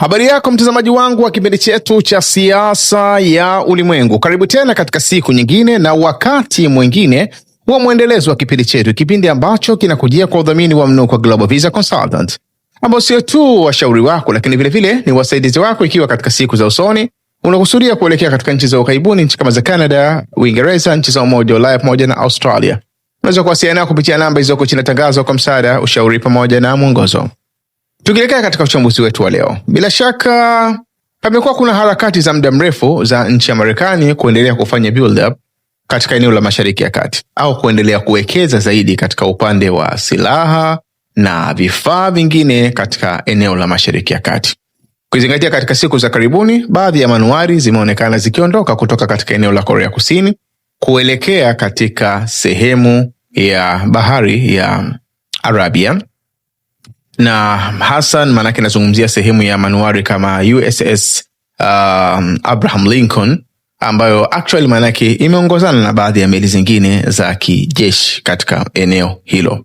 Habari yako mtazamaji wangu wa kipindi chetu cha siasa ya ulimwengu, karibu tena katika siku nyingine na wakati mwingine wa mwendelezo wa kipindi chetu, kipindi ambacho kinakujia kwa udhamini wa mnuko Global Visa Consultant, ambao sio tu washauri wako, lakini vilevile ni wasaidizi wako, ikiwa katika siku za usoni unakusudia kuelekea katika nchi za ukaribuni, nchi kama za Canada, Uingereza, nchi za Umoja wa Ulaya pamoja na Australia. Unaweza kuwasiliana nao kupitia namba ilizoko chini ya tangazo kwa msaada, ushauri pamoja na mwongozo. Tukielekea katika uchambuzi wetu wa leo, bila shaka pamekuwa kuna harakati za muda mrefu za nchi ya Marekani kuendelea kufanya build up katika eneo la Mashariki ya Kati au kuendelea kuwekeza zaidi katika upande wa silaha na vifaa vingine katika eneo la Mashariki ya Kati. Ukizingatia katika siku za karibuni, baadhi ya manuari zimeonekana zikiondoka kutoka katika eneo la Korea Kusini kuelekea katika sehemu ya bahari ya Arabia na Hassan, maanake nazungumzia sehemu ya manuari kama USS um, Abraham Lincoln ambayo actually maanake imeongozana na baadhi ya meli zingine za kijeshi katika eneo hilo,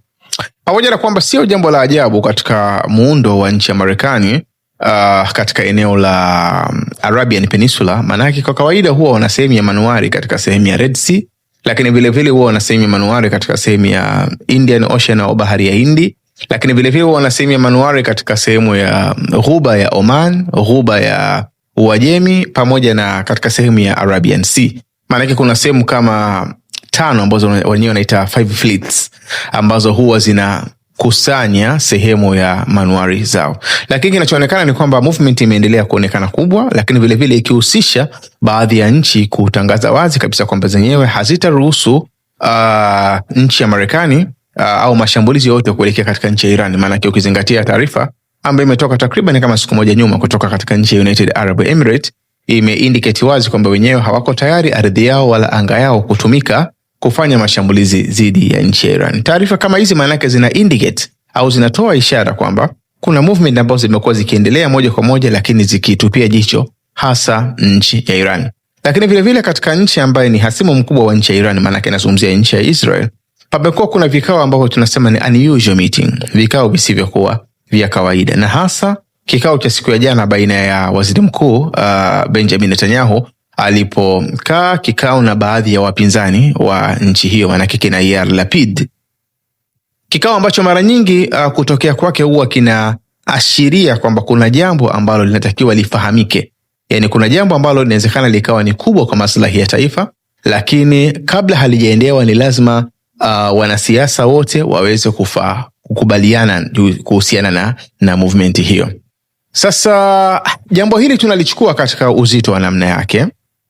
pamoja na kwamba sio jambo la ajabu katika muundo wa nchi ya Marekani. Uh, katika eneo la um, Arabian Peninsula, maanake kwa kawaida huwa wana sehemu ya manuari katika sehemu ya Red Sea, lakini vilevile huwa wana sehemu ya manuari katika sehemu ya Indian Ocean au bahari ya Hindi lakini vilevile wana sehemu ya manuari katika sehemu ya um, ghuba ya Oman, ghuba ya Uajemi pamoja na katika sehemu ya Arabian Sea. Maanake kuna sehemu kama tano ambazo wenyewe wanaita five fleets ambazo huwa zina kusanya sehemu ya manuari zao, lakini kinachoonekana ni kwamba movement imeendelea kuonekana kubwa, lakini vilevile ikihusisha baadhi ya nchi kutangaza wazi kabisa kwamba zenyewe hazitaruhusu uh, nchi ya Marekani uh, au mashambulizi yote kuelekea katika nchi ya Iran, maanake ukizingatia taarifa ambayo imetoka takriban kama siku moja nyuma kutoka katika nchi ya United Arab Emirates imeindicate wazi kwamba wenyewe hawako tayari ardhi yao wala anga yao kutumika kufanya mashambulizi dhidi ya nchi ya Iran. Taarifa kama hizi maanake zina indicate au zinatoa ishara kwamba kuna movement ambazo zimekuwa zikiendelea moja kwa moja, lakini zikitupia jicho hasa nchi ya Iran. Lakini vilevile vile katika nchi ambayo ni hasimu mkubwa wa nchi ya Iran, maanake inazungumzia nchi ya Israel, Pamekuwa kuna vikao ambavyo tunasema ni unusual meeting, vikao visivyokuwa vya kawaida, na hasa kikao cha siku ya jana baina ya waziri mkuu uh, Benjamin Netanyahu alipokaa kikao na baadhi ya wapinzani wa nchi hiyo, maanake kina Yair Lapid, kikao ambacho mara nyingi uh, kutokea kwake huwa kinaashiria kwamba kuna jambo ambalo linatakiwa lifahamike, yani kuna jambo ambalo linawezekana likawa ni kubwa kwa maslahi ya taifa, lakini kabla halijaendewa ni lazima uh, wanasiasa wote waweze kufa kukubaliana kuhusiana na, na movement hiyo. Sasa jambo hili tunalichukua katika uzito wa namna yake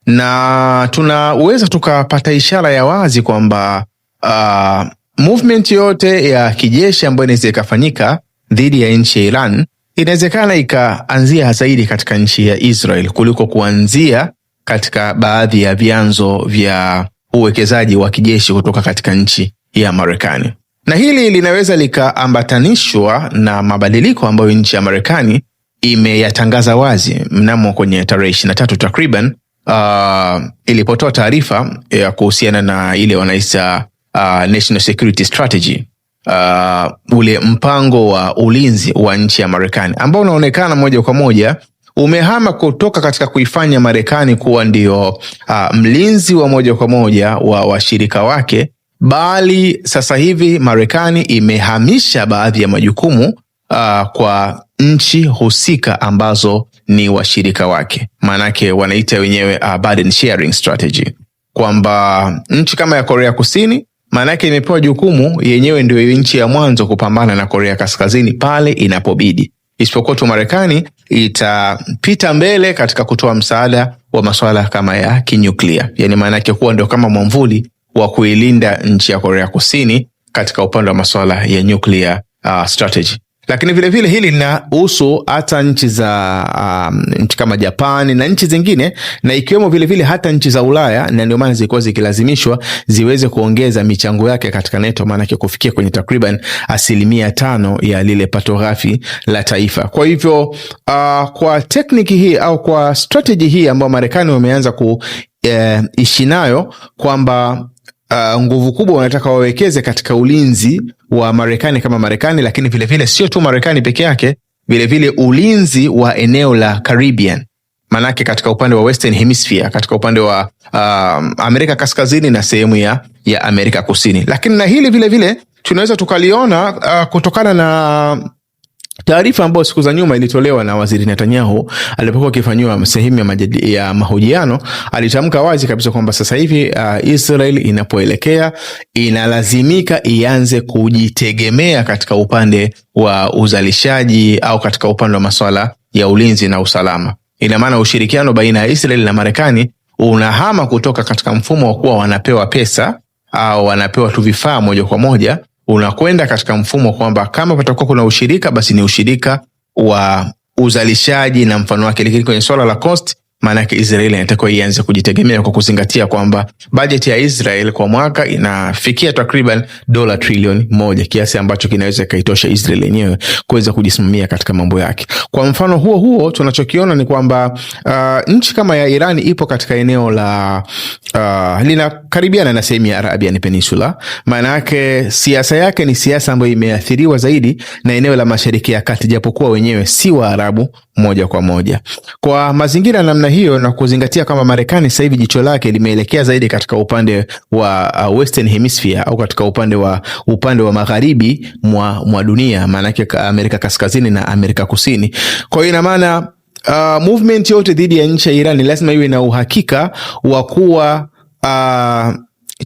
na tunaweza tukapata ishara ya wazi kwamba uh, movement yote ya kijeshi ambayo inaweza ikafanyika dhidi ya nchi ya Iran inawezekana ikaanzia zaidi katika nchi ya Israel kuliko kuanzia katika baadhi ya vyanzo vya uwekezaji wa kijeshi kutoka katika nchi ya Marekani, na hili linaweza likaambatanishwa na mabadiliko ambayo nchi ya Marekani imeyatangaza wazi mnamo kwenye tarehe tatu takriban, uh, ilipotoa taarifa ya kuhusiana na ile wanaita uh, National Security Strategy uh, ule mpango wa ulinzi wa nchi ya Marekani ambao unaonekana moja kwa moja umehama kutoka katika kuifanya Marekani kuwa ndio uh, mlinzi wa moja kwa moja wa washirika wake, bali sasa hivi Marekani imehamisha baadhi ya majukumu uh, kwa nchi husika ambazo ni washirika wake. Maanake wanaita wenyewe uh, burden sharing strategy, kwamba nchi kama ya Korea Kusini maanake imepewa jukumu yenyewe, ndio nchi ya mwanzo kupambana na Korea Kaskazini pale inapobidi isipokuwa tu Marekani itapita mbele katika kutoa msaada wa masuala kama ya kinyuklia, yani maana yake kuwa ndio kama mwamvuli wa kuilinda nchi ya Korea Kusini katika upande wa masuala ya nuclear uh, strategy. Lakini vilevile hili linahusu hata nchi za um, nchi kama Japani na nchi zingine na ikiwemo vilevile hata nchi za Ulaya, na ndio maana zilikuwa zikilazimishwa ziweze kuongeza michango yake katika NETO, maanake kufikia kwenye takriban asilimia tano ya lile pato ghafi la taifa. Kwa hivyo uh, kwa tekniki hii au kwa strateji hii ambayo Marekani wameanza kuishi eh, nayo kwamba uh, nguvu kubwa wanataka wawekeze katika ulinzi wa Marekani kama Marekani, lakini vilevile sio tu Marekani peke yake, vilevile ulinzi wa eneo la Caribbean manake katika upande wa Western Hemisphere, katika upande wa um, Amerika kaskazini na sehemu ya, ya Amerika kusini. Lakini na hili vilevile tunaweza tukaliona uh, kutokana na Taarifa ambayo siku za nyuma ilitolewa na waziri Netanyahu alipokuwa akifanyiwa sehemu ya, ya mahojiano alitamka wazi kabisa kwamba sasa hivi uh, Israel inapoelekea inalazimika ianze kujitegemea katika upande wa uzalishaji au katika upande wa masuala ya ulinzi na usalama. Ina maana ushirikiano baina ya Israel na Marekani unahama kutoka katika mfumo wa kuwa wanapewa pesa au wanapewa tu vifaa moja kwa moja unakwenda katika mfumo kwamba kama patakuwa kuna ushirika basi ni ushirika wa uzalishaji na mfano wake, lakini kwenye swala la cost maana yake Israeli inatakiwa ianze kujitegemea kwa kuzingatia kwamba bajeti ya Israel kwa mwaka inafikia takriban dola trilioni moja, kiasi ambacho kinaweza ikaitosha Israel yenyewe kuweza kujisimamia katika mambo yake. Kwa mfano huo huo, tunachokiona ni kwamba uh, nchi kama ya Irani ipo katika eneo la uh, linakaribiana na sehemu ya Arabian Peninsula. Maana yake siasa yake ni siasa ambayo imeathiriwa zaidi na eneo la Mashariki ya Kati, japokuwa wenyewe si Waarabu moja kwa moja. Kwa mazingira namna hiyo na kuzingatia kwamba Marekani sasa hivi jicho lake limeelekea zaidi katika upande wa uh, Western Hemisphere au katika upande wa upande wa magharibi mwa, mwa dunia maanake Amerika Kaskazini na Amerika Kusini. Kwa hiyo ina maana uh, movement yote dhidi ya nchi ya Iran lazima iwe na uhakika wa kuwa uh,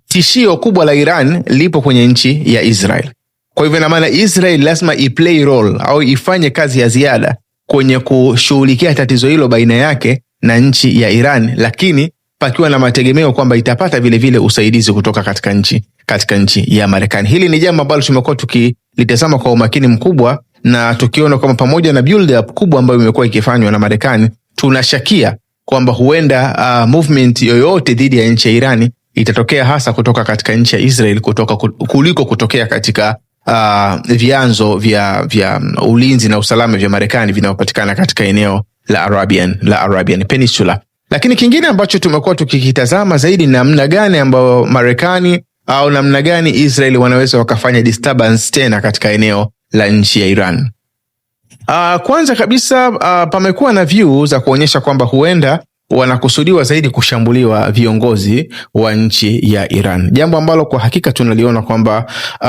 tishio kubwa la Iran lipo kwenye nchi ya Israel. Kwa hivyo ina maana Israel lazima iplay role au ifanye kazi ya ziada kwenye kushughulikia tatizo hilo baina yake na nchi ya Iran, lakini pakiwa na mategemeo kwamba itapata vilevile vile usaidizi kutoka katika nchi katika nchi ya Marekani. Hili ni jambo ambalo tumekuwa tukilitazama kwa umakini mkubwa na tukiona kwamba pamoja na build up kubwa ambayo imekuwa ikifanywa na Marekani, tunashakia kwamba huenda uh, movement yoyote dhidi ya nchi ya Irani itatokea hasa kutoka katika nchi ya Israel kutoka kuliko kutokea katika uh, vyanzo vya, vya um, ulinzi na usalama vya Marekani vinavyopatikana katika eneo la Arabian, la Arabian Peninsula. Lakini kingine ambacho tumekuwa tukikitazama zaidi, namna gani ambayo Marekani au namna gani Israel wanaweza wakafanya disturbance tena katika eneo la nchi ya Iran. Uh, kwanza kabisa uh, pamekuwa na view za kuonyesha kwamba huenda wanakusudiwa zaidi kushambuliwa viongozi wa nchi ya Iran, jambo ambalo kwa hakika tunaliona kwamba uh,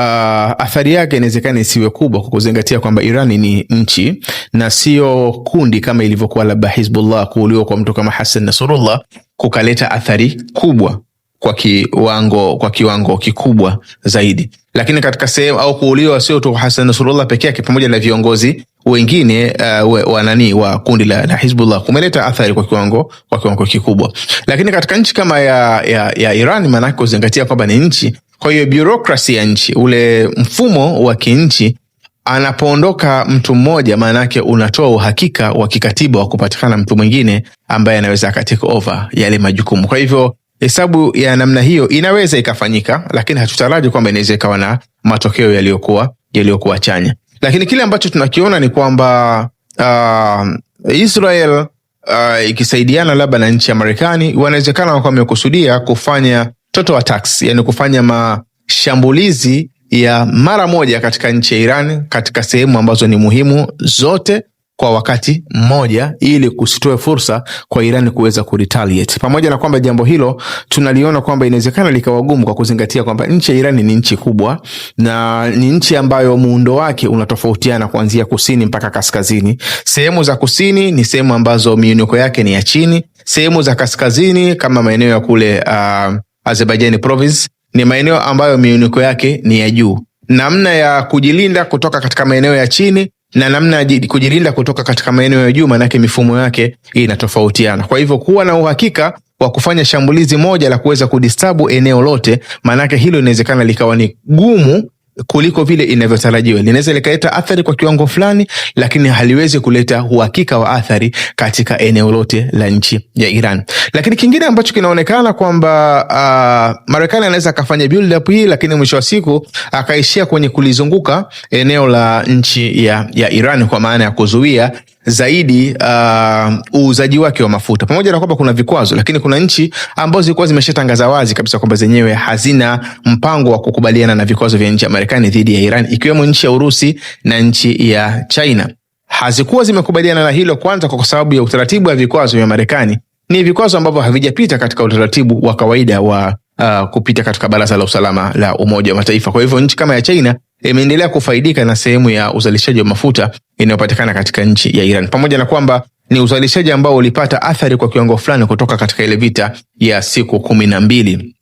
athari yake inawezekana isiwe kubwa, kwa kuzingatia kwamba Iran ni nchi na sio kundi kama ilivyokuwa labda Hizbullah. Kuuliwa kwa mtu kama Hassan Nasrullah kukaleta athari kubwa kwa kiwango kwa kiwango kikubwa zaidi, lakini katika sehemu au kuuliwa sio tu Hassan Nasrullah peke yake, pamoja na viongozi wengine uh, wa wa kundi la Hizbullah kumeleta athari kwa kiwango kwa kiwango kikubwa, lakini katika nchi kama ya, ya, ya Iran, maanake kuzingatia kwamba ni nchi, kwa hiyo bureaucracy ya nchi, ule mfumo wa kinchi anapoondoka mtu mmoja, maanake unatoa uhakika wa kikatiba wa kupatikana mtu mwingine ambaye anaweza akatake over yale majukumu. Kwa hivyo hesabu ya namna hiyo inaweza ikafanyika, lakini hatutaraji kwamba inaweza ikawa na matokeo yaliyokuwa yaliyokuwa chanya. Lakini kile ambacho tunakiona ni kwamba uh, Israel uh, ikisaidiana labda na nchi ya Marekani, wanawezekana wakawa wamekusudia kufanya total attacks, yani kufanya mashambulizi ya mara moja katika nchi ya Iran katika sehemu ambazo ni muhimu zote kwa wakati mmoja, ili kusitoe fursa kwa Iran kuweza kuretaliate. Pamoja na kwamba jambo hilo tunaliona kwamba inawezekana likawa gumu, kwa kuzingatia kwamba nchi ya Iran ni nchi kubwa na ni nchi ambayo muundo wake unatofautiana kuanzia kusini mpaka kaskazini. Sehemu za kusini ni sehemu ambazo miinuko yake ni ya chini, sehemu za kaskazini kama maeneo ya kule uh, Azerbaijan province ni maeneo ambayo miinuko yake ni ya juu. Namna ya kujilinda kutoka katika maeneo ya chini na namna ya kujilinda kutoka katika maeneo ya juu, maanake mifumo yake inatofautiana. Kwa hivyo kuwa na uhakika wa kufanya shambulizi moja la kuweza kudistabu eneo lote, maanake hilo inawezekana likawa ni gumu kuliko vile inavyotarajiwa, linaweza likaleta athari kwa kiwango fulani, lakini haliwezi kuleta uhakika wa athari katika eneo lote la nchi ya Iran. Lakini kingine ambacho kinaonekana kwamba uh, Marekani anaweza akafanya build up hii, lakini mwisho wa siku akaishia kwenye kulizunguka eneo la nchi ya, ya Iran kwa maana ya kuzuia zaidi uh, uuzaji uh, wake wa mafuta pamoja na kwamba kuna vikwazo, lakini kuna nchi ambazo zilikuwa zimeshatangaza wazi kabisa kwamba zenyewe hazina mpango wa kukubaliana na vikwazo vya nchi ya Marekani dhidi ya Iran, ikiwemo nchi ya Urusi na nchi ya China. Hazikuwa zimekubaliana na hilo, kwanza kwa sababu ya utaratibu wa vikwazo vya Marekani. Ni vikwazo ambavyo havijapita katika utaratibu wa kawaida wa uh, kupita katika Baraza la Usalama la Umoja wa Mataifa. Kwa hivyo nchi kama ya China imeendelea kufaidika na sehemu ya uzalishaji wa mafuta inayopatikana katika nchi ya Iran, pamoja na kwamba ni uzalishaji ambao ulipata athari kwa kiwango fulani kutoka katika ile vita ya siku kumi na mbili.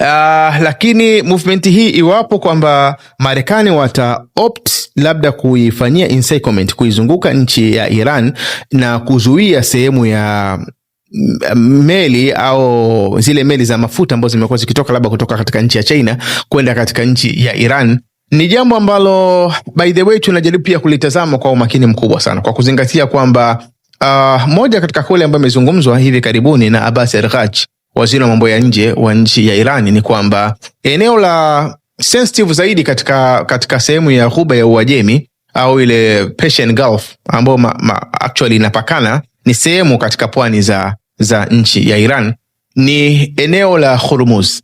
Uh, lakini movement hii iwapo kwamba Marekani wata opt labda kuifanyia encirclement kuizunguka nchi ya Iran na kuzuia sehemu ya meli au zile meli za mafuta ambazo zimekuwa zikitoka labda kutoka katika nchi ya China kwenda katika nchi ya Iran ni jambo ambalo by the way tunajaribu pia kulitazama kwa umakini mkubwa sana kwa kuzingatia kwamba uh, moja katika kule ambayo imezungumzwa hivi karibuni na Abbas Araghchi, waziri wa mambo ya nje wa nchi ya Iran, ni kwamba eneo la sensitive zaidi katika, katika sehemu ya ghuba ya Uajemi au ile Persian Gulf ambayo actually inapakana ni sehemu katika pwani za za nchi ya Iran ni eneo la Hormuz,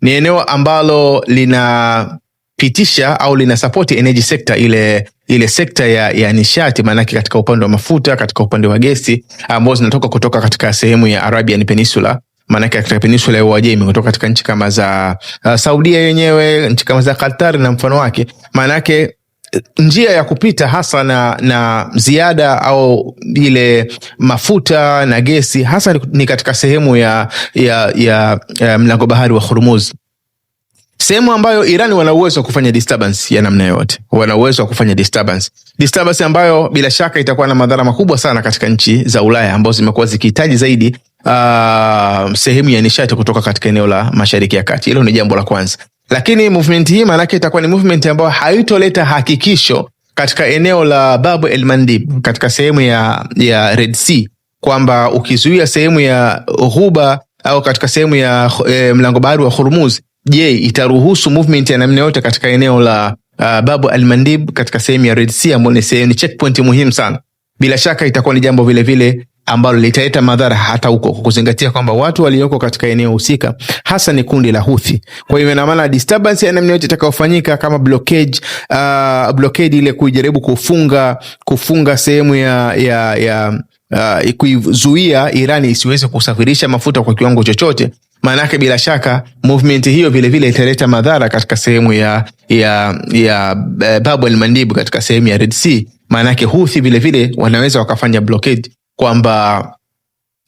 ni eneo ambalo linapitisha au lina support energy sector ile ile sekta ya, ya nishati maanake, katika upande wa mafuta, katika upande wa gesi ambazo zinatoka kutoka katika sehemu ya Arabian Peninsula, maanake katika peninsula ya Uajemi, kutoka katika nchi kama za uh, Saudia yenyewe, nchi kama za Qatar na mfano wake, maanake njia ya kupita hasa na, na ziada au ile mafuta na gesi hasa ni katika sehemu ya, ya, ya, ya mlango bahari wa Hormuz, sehemu ambayo Iran wana uwezo wa kufanya disturbance ya namna yote, wana uwezo wa kufanya disturbance, disturbance ambayo bila shaka itakuwa na madhara makubwa sana katika nchi za Ulaya ambazo zimekuwa zikihitaji zaidi uh, sehemu ya nishati kutoka katika eneo la Mashariki ya Kati. Hilo ni jambo la kwanza lakini movement hii maanake itakuwa ni movement ambayo haitoleta hakikisho katika eneo la Bab el Mandib katika sehemu ya, ya Red Sea kwamba ukizuia sehemu ya ghuba au katika sehemu ya e, mlango bahari wa hurmuz je, itaruhusu movement ya namna yote katika eneo la uh, Bab el Mandib katika sehemu ya Red Sea ambayo ni checkpoint muhimu sana. Bila shaka itakuwa ni jambo vilevile ambalo litaleta madhara hata huko, kwa kuzingatia kwamba watu walioko katika eneo husika hasa ni kundi la Houthi. Kwa hiyo ina maana disturbance ya namna yote itakayofanyika kama blockage, uh, blockade ile kujaribu kufunga kufunga sehemu ya, ya, ya uh, kuizuia Irani isiweze kusafirisha mafuta kwa kiwango chochote maanake bila shaka movement hiyo vilevile italeta madhara katika sehemu ya, ya, ya eh, Bab el katika sehemu ya Red Sea. Maanake Houthi vilevile wanaweza wakafanya blockade kwamba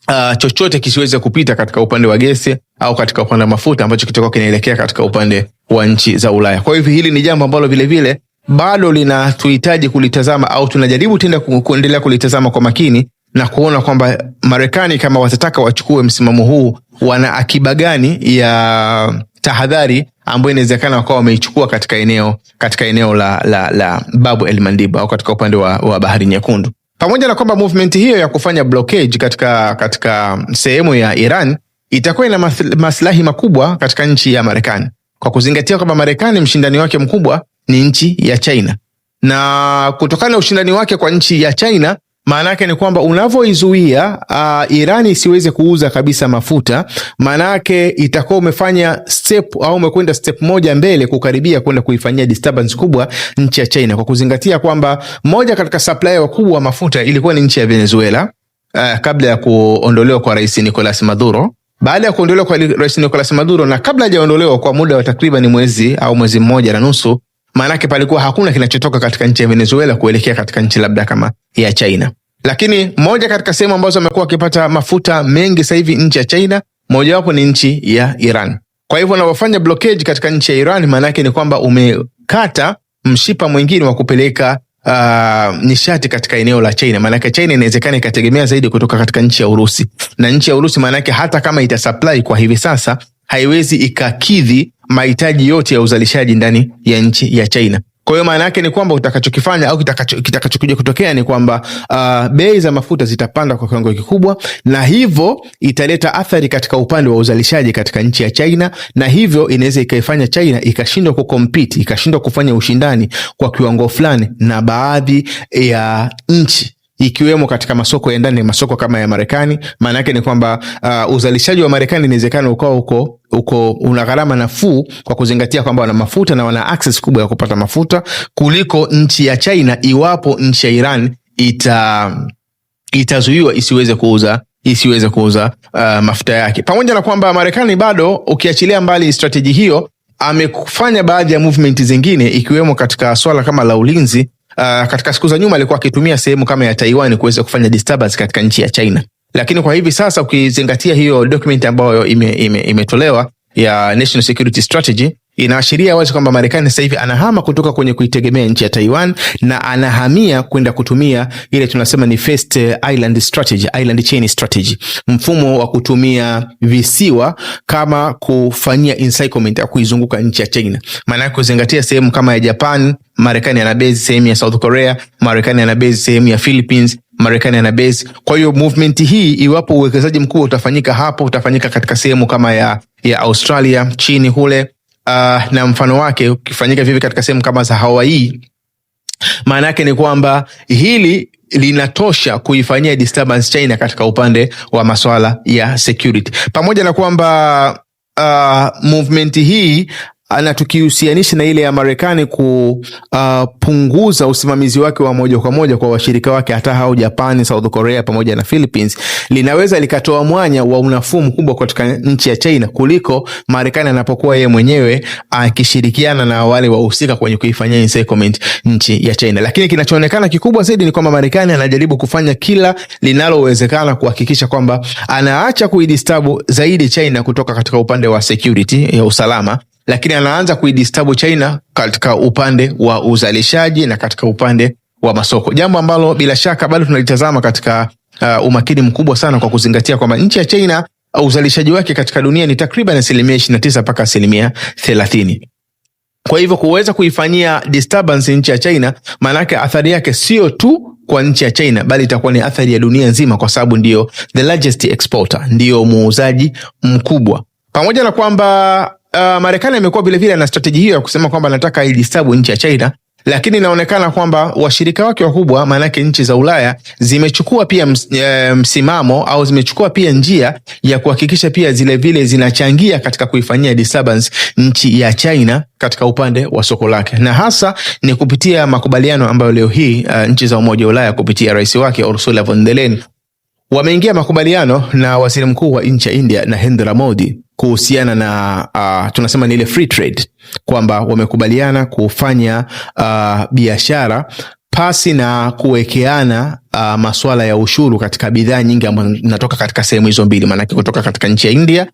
uh, chochote kisiweze kupita katika upande wa gesi au katika upande wa mafuta ambacho kitakuwa kinaelekea katika upande wa nchi za Ulaya. Kwa hivyo hili ni jambo ambalo vilevile bado linatuhitaji kulitazama au tunajaribu tenda kuendelea kulitazama kwa makini na kuona kwamba Marekani kama watataka wachukue msimamo huu, wana akiba gani ya tahadhari ambayo inawezekana wakawa wameichukua katika eneo katika eneo la, la, la Babu el Mandiba au katika upande wa, wa bahari Nyekundu. Pamoja na kwamba movement hiyo ya kufanya blockage katika, katika sehemu ya Iran itakuwa ina maslahi makubwa katika nchi ya Marekani kwa kuzingatia kwamba Marekani mshindani wake mkubwa ni nchi ya China, na kutokana na ushindani wake kwa nchi ya China maana yake ni kwamba unavyoizuia uh, Irani isiweze kuuza kabisa mafuta, maana yake itakuwa umefanya step au umekwenda step moja mbele kukaribia kwenda kuifanyia disturbance kubwa nchi ya China, kwa kuzingatia kwamba moja katika supplier wakubwa wa mafuta ilikuwa ni nchi ya Venezuela uh, kabla ya kuondolewa kwa Rais Nicolas Maduro baada ya kuondolewa kwa rais Nicolas Maduro na kabla hajaondolewa kwa muda wa takriban mwezi au mwezi mmoja na nusu, maanake palikuwa hakuna kinachotoka katika nchi ya Venezuela kuelekea katika nchi labda kama ya China. Lakini moja katika sehemu ambazo amekuwa akipata mafuta mengi sahivi hivi nchi ya China, mojawapo ni nchi ya Iran. Kwa hivyo unavyofanya blokeji katika nchi ya Iran, maanaake ni kwamba umekata mshipa mwingine wa kupeleka uh, nishati katika eneo la China. Maanake China inawezekana ikategemea zaidi kutoka katika nchi ya Urusi, na nchi ya Urusi maanake hata kama itasupply kwa hivi sasa haiwezi ikakidhi mahitaji yote ya uzalishaji ndani ya nchi ya China. Kwa hiyo maana yake ni kwamba utakachokifanya au kitakachokuja kutokea ni kwamba uh, bei za mafuta zitapanda kwa kiwango kikubwa, na hivyo italeta athari katika upande wa uzalishaji katika nchi ya China, na hivyo inaweza ikaifanya China ikashindwa kukompiti, ikashindwa kufanya ushindani kwa kiwango fulani na baadhi ya nchi ikiwemo katika masoko ya ndani, masoko kama ya Marekani. Maana yake ni kwamba uh, uzalishaji wa Marekani inawezekana ukawa uko uko una gharama nafuu kwa kuzingatia kwamba wana mafuta na wana access kubwa ya kupata mafuta kuliko nchi ya China, iwapo nchi ya Iran ita itazuiwa isiweze kuuza isiweze kuuza uh, mafuta yake, pamoja na kwamba Marekani bado, ukiachilia mbali strateji hiyo, amefanya baadhi ya movement zingine ikiwemo katika swala kama la ulinzi Ah, katika siku za nyuma alikuwa akitumia sehemu kama ya Taiwan kuweza kufanya disturbance katika nchi ya China, lakini kwa hivi sasa ukizingatia hiyo document ambayo imetolewa ime, ime ya National Security Strategy Inaashiria wazi kwamba Marekani sasa hivi anahama kutoka kwenye kuitegemea nchi ya Taiwan na anahamia kwenda kutumia ile tunasema ni first eh, island strategy, island chain strategy, mfumo wa kutumia visiwa kama kufanyia encirclement ya kuizunguka nchi ya China. Maana yake kuzingatia sehemu kama ya Japan, Marekani ana base sehemu ya South Korea, Marekani ana base sehemu ya Philippines Marekani ana base. Kwa hiyo movement hii, iwapo uwekezaji mkubwa utafanyika hapo, utafanyika katika sehemu kama ya, ya Australia chini hule uh, na mfano wake ukifanyika vivi katika sehemu kama za Hawaii, maana yake ni kwamba hili linatosha kuifanyia disturbance China katika upande wa maswala ya security, pamoja na kwamba uh, movement hii na tukihusianisha na ile ya Marekani kupunguza uh, usimamizi wake wa moja kwa moja kwa washirika wake hata hao Japani, South Korea pamoja na Philippines, linaweza likatoa mwanya wa unafuu mkubwa katika nchi ya China kuliko Marekani anapokuwa yeye mwenyewe akishirikiana uh, na wale wahusika kwenye kuifanyia encirclement nchi ya China. Lakini kinachoonekana kikubwa zaidi ni kwamba Marekani anajaribu kufanya kila linalowezekana kuhakikisha kwamba anaacha kuidistabu zaidi China kutoka katika upande wa security ya usalama lakini anaanza kuidistabu China katika upande wa uzalishaji na katika upande wa masoko, jambo ambalo bila shaka bado tunalitazama katika uh, umakini mkubwa sana, kwa kuzingatia kwamba nchi ya China uh, uzalishaji wake katika dunia ni takriban asilimia tisa mpaka asilimia thelathini. Kwa hivyo kuweza kuifanyia disturbance nchi ya China, maanake athari yake sio tu kwa nchi ya China bali itakuwa ni athari ya dunia nzima, kwa sababu ndiyo the largest exporter, ndiyo muuzaji mkubwa, pamoja na kwamba uh, Marekani amekuwa vilevile na strateji hiyo ya kusema kwamba anataka idistabu nchi ya China, lakini inaonekana kwamba washirika wake wakubwa, maanake nchi za Ulaya zimechukua pia ms, e, msimamo au zimechukua pia njia ya kuhakikisha pia zilevile zinachangia katika kuifanyia disturbance nchi ya China katika upande wa soko lake na hasa ni kupitia makubaliano ambayo leo hii uh, nchi za Umoja wa Ulaya kupitia rais wake Ursula von der Leyen wameingia makubaliano na waziri mkuu wa nchi ya India Narendra Modi kuhusiana na uh, tunasema ni ile free trade kwamba wamekubaliana kufanya uh, biashara pasi na kuwekeana uh, masuala ya ushuru katika bidhaa nyingi ambazo zinatoka katika sehemu hizo mbili, maanake kutoka katika nchi ya India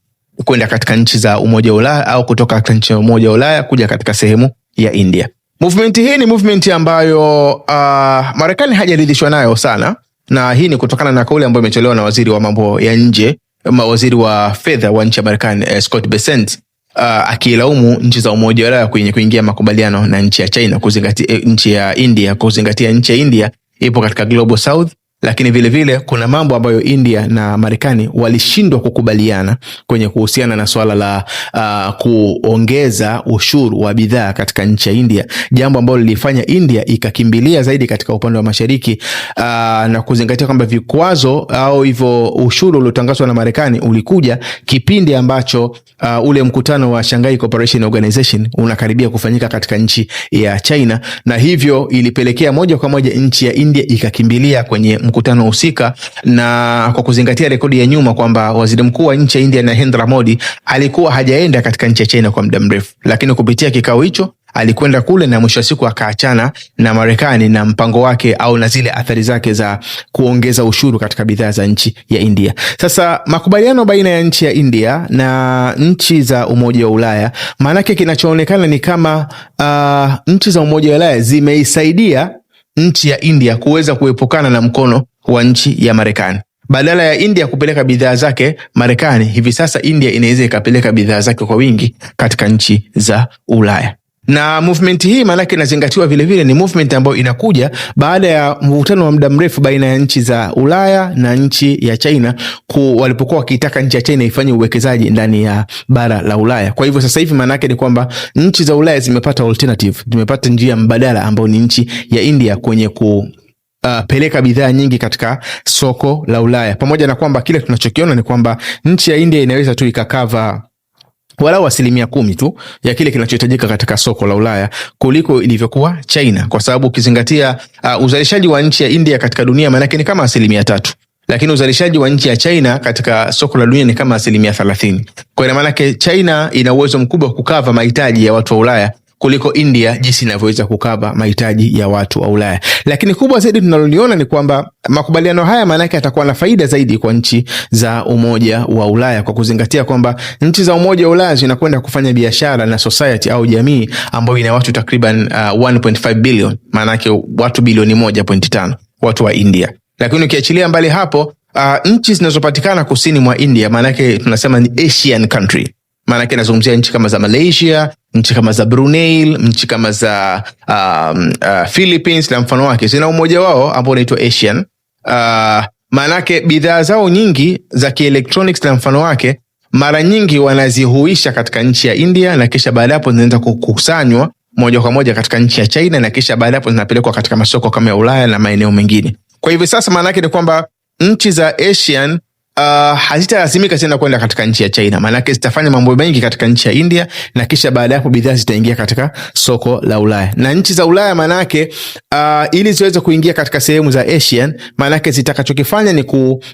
kwenda katika nchi za Umoja wa Ulaya au kutoka katika nchi ya Umoja wa Ulaya kuja katika sehemu ya India. Movement hii ni movement ambayo uh, Marekani hajaridhishwa nayo sana, na hii ni kutokana na kauli ambayo imetolewa na waziri wa mambo ya nje waziri wa fedha wa nchi ya Marekani eh, Scott besent uh, ah, akilaumu nchi za Umoja wa Ulaya kwenye kuingia makubaliano na nchi ya China kuzingatia, eh, nchi ya India kuzingatia nchi ya India ipo katika Global South lakini vilevile vile, kuna mambo ambayo India na Marekani walishindwa kukubaliana kwenye kuhusiana na swala la uh, kuongeza ushuru wa bidhaa katika nchi ya India, jambo ambalo lilifanya India ikakimbilia zaidi katika upande wa mashariki uh, na kuzingatia kwamba vikwazo au hivyo ushuru uliotangazwa na Marekani ulikuja kipindi ambacho uh, ule mkutano wa Shanghai Cooperation Organization unakaribia kufanyika katika nchi ya China, na hivyo ilipelekea moja kwa moja nchi ya India ikakimbilia kwenye mkutano husika, na kwa kuzingatia rekodi ya nyuma kwamba waziri mkuu wa nchi ya India Narendra Modi alikuwa hajaenda katika nchi ya China kwa muda mrefu, lakini kupitia kikao hicho alikwenda kule na mwisho wa siku akaachana na Marekani na mpango wake au na zile athari zake za kuongeza ushuru katika bidhaa za nchi ya India. Sasa makubaliano baina ya nchi ya India na nchi za Umoja wa Ulaya, maanake kinachoonekana ni kama uh, nchi za Umoja wa Ulaya zimeisaidia nchi ya India kuweza kuepukana na mkono wa nchi ya Marekani. Badala ya India kupeleka bidhaa zake Marekani, hivi sasa India inaweza ikapeleka bidhaa zake kwa wingi katika nchi za Ulaya na movement hii maanake inazingatiwa vilevile, ni movement ambayo inakuja baada ya mvutano wa muda mrefu baina ya nchi za Ulaya na nchi ya China walipokuwa wakiitaka nchi ya China ifanye uwekezaji ndani ya bara la Ulaya. Kwa hivyo sasa hivi maanake ni kwamba nchi za Ulaya zimepata alternative, zimepata njia mbadala ambayo ni nchi ya India kwenye ku Uh, peleka bidhaa nyingi katika soko la Ulaya, pamoja na kwamba kile tunachokiona ni kwamba nchi ya India inaweza tu ikakava walau asilimia kumi tu ya kile kinachohitajika katika soko la Ulaya kuliko ilivyokuwa China, kwa sababu ukizingatia uh, uzalishaji wa nchi ya India katika dunia maanake ni kama asilimia tatu lakini uzalishaji wa nchi ya China katika soko la dunia ni kama asilimia thelathini. Kwa ina maanake China ina uwezo mkubwa wa kukava mahitaji ya watu wa Ulaya kuliko India jinsi inavyoweza kukava mahitaji ya watu wa Ulaya. Lakini kubwa zaidi tunaloliona ni kwamba makubaliano haya maanaake yatakuwa na faida zaidi kwa nchi za Umoja wa Ulaya kwa kuzingatia kwamba nchi za Umoja wa Ulaya zinakwenda kufanya biashara na society au jamii ambayo ina watu takriban uh, 1.5 bilioni, maana watu bilioni 1.5 watu wa India. Lakini ukiachilia mbali hapo uh, nchi zinazopatikana kusini mwa India maanake tunasema ni Asian country maanake inazungumzia nchi kama za Malaysia, nchi kama za Brunei, nchi kama za um, uh, Philippines na mfano wake zina umoja wao ambao unaitwa ASEAN. Uh, maanake bidhaa zao nyingi za kielektronics na mfano wake mara nyingi wanazihuisha katika nchi ya India na kisha baada hapo zinaweza kukusanywa moja kwa moja katika nchi ya China na kisha baada hapo zinapelekwa katika masoko kama ya Ulaya na maeneo mengine. Kwa hivyo sasa, maanake ni kwamba nchi za ASEAN Uh, ah, hazitalazimika tena kwenda katika nchi ya China, maanake zitafanya mambo mengi katika nchi ya India na kisha baada hapo bidhaa zitaingia katika soko la Ulaya na nchi za Ulaya, maanake uh, ili ziweze kuingia katika sehemu za Asian, maanake zitakachokifanya ni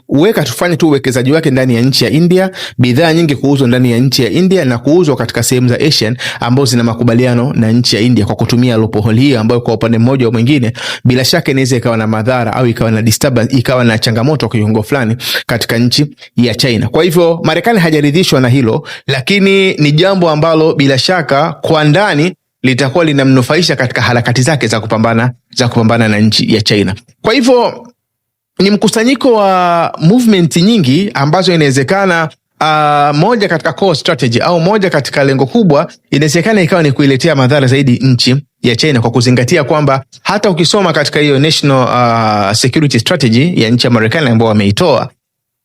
kuweka tufanye tu uwekezaji wake ndani ya nchi ya India, bidhaa nyingi kuuzwa ndani ya nchi ya India na kuuzwa katika sehemu za Asian ambazo zina makubaliano na nchi ya India kwa kutumia loophole hiyo, ambayo kwa upande mmoja au mwingine bila shaka inaweza ikawa na madhara au ikawa na disturbance, ikawa na changamoto kwa kiwango fulani katika nchi ya China. Kwa hivyo Marekani hajaridhishwa na hilo, lakini ni jambo ambalo bila shaka kwa ndani litakuwa linamnufaisha katika harakati zake za kupambana za kupambana na nchi ya China. Kwa hivyo ni mkusanyiko wa movement nyingi ambazo inawezekana Uh, moja katika core strategy au moja katika lengo kubwa inawezekana ikawa ni kuiletea madhara zaidi nchi ya China, kwa kuzingatia kwamba hata ukisoma katika hiyo national uh, security strategy ya nchi ya Marekani ambayo wameitoa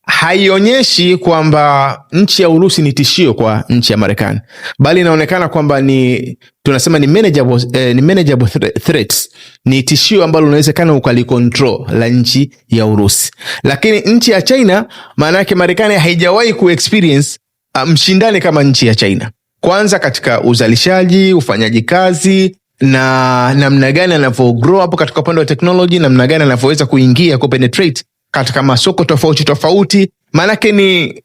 haionyeshi kwamba nchi ya Urusi ni tishio kwa nchi ya Marekani, bali inaonekana kwamba ni tunasema ni manageable, eh, ni manageable threats, ni tishio ambalo unawezekana ukalikontrol la nchi ya Urusi. Lakini nchi ya China, maana yake Marekani haijawahi kuexperience um, mshindani kama nchi ya China, kwanza katika uzalishaji, ufanyaji kazi na namna gani anavyo grow katika upande wa technology, namna gani anavyoweza kuingia kupenetrate katika masoko tofauti tofauti, maanake ni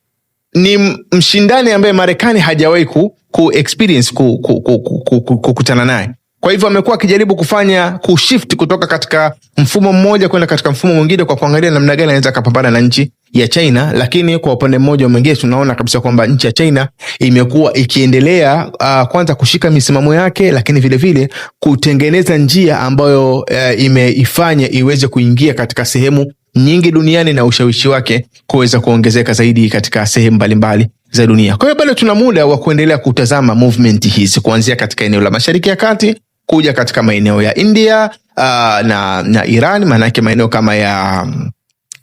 ni mshindani ambaye Marekani hajawahi ku, ku experience ku, ku, ku, ku, ku, kukutana naye. Kwa hivyo amekuwa akijaribu kufanya kushift kutoka katika mfumo mmoja kwenda katika mfumo mwingine kwa kuangalia namna gani anaweza akapambana na nchi ya China, lakini kwa upande mmoja mwingine tunaona kabisa kwamba nchi ya China imekuwa ikiendelea uh, kwanza kushika misimamo yake, lakini vilevile vile, kutengeneza njia ambayo uh, imeifanya iweze kuingia katika sehemu nyingi duniani na ushawishi wake kuweza kuongezeka zaidi katika sehemu mbalimbali za dunia. Kwa hiyo bado tuna muda wa kuendelea kutazama movement hizi kuanzia katika eneo la Mashariki ya Kati kuja katika maeneo ya India uh, na, na Iran maanake maeneo kama ya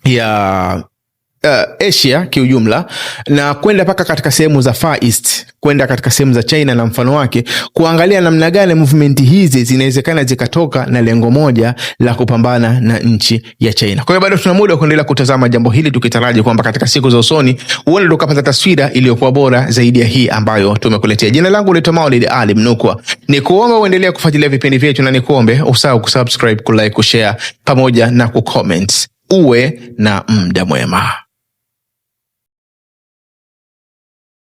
ya uh, Asia kiujumla na kwenda mpaka katika sehemu za Far East kwenda katika sehemu za China na mfano wake, kuangalia namna gani movement hizi zinawezekana zikatoka na lengo moja la kupambana na nchi ya China. Kwa hiyo bado tuna muda wa kuendelea kutazama jambo hili, tukitaraji kwamba katika siku za usoni huenda tukapata taswira iliyokuwa bora zaidi ya hii ambayo tumekuletea. Jina langu naitwa Maulid Ali Mnukwa, ni kuomba uendelee kufuatilia vipindi vyetu na nikuombe usahau kusubscribe, kulike, kushare pamoja na kucomment. Uwe na muda mwema.